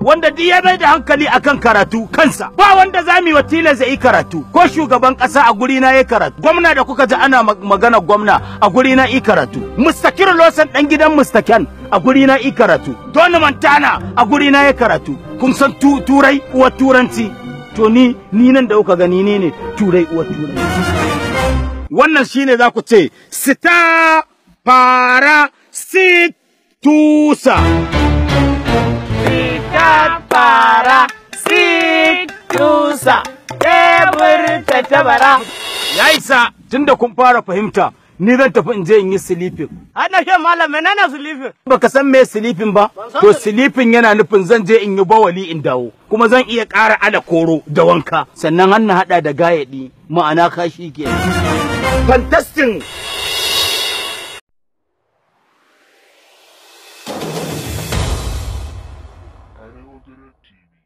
wanda duk ya bai da hankali akan karatu kansa ba wanda za mu watila zai karatu ko shugaban kasa a guri na yi karatu gwamna da kuka ji ana magana gwamna a guri na yi karatu mustakir losan dan gidan mustakan a guri na yi karatu don mantana a guri na yi karatu kun san turai uwa turanci to ni ni nan da kuka gani ne ne turai uwa turanci wannan shine za ku ce sita para sit tusa. Sikat para sik tusa, tebur ta tabara. Ya isa, tunda kun fara fahimta, ni zan tafi in je in yi sleeping. Ana shan malam menene sleeping? Baka san me sleeping ba? To sleeping yana nufin zan je in yi bawali in dawo. Kuma zan iya ƙara ala koro da wanka. Sannan hannu haɗa da gayaɗi ma'ana kashi ke. Fantastic! Margaret TV.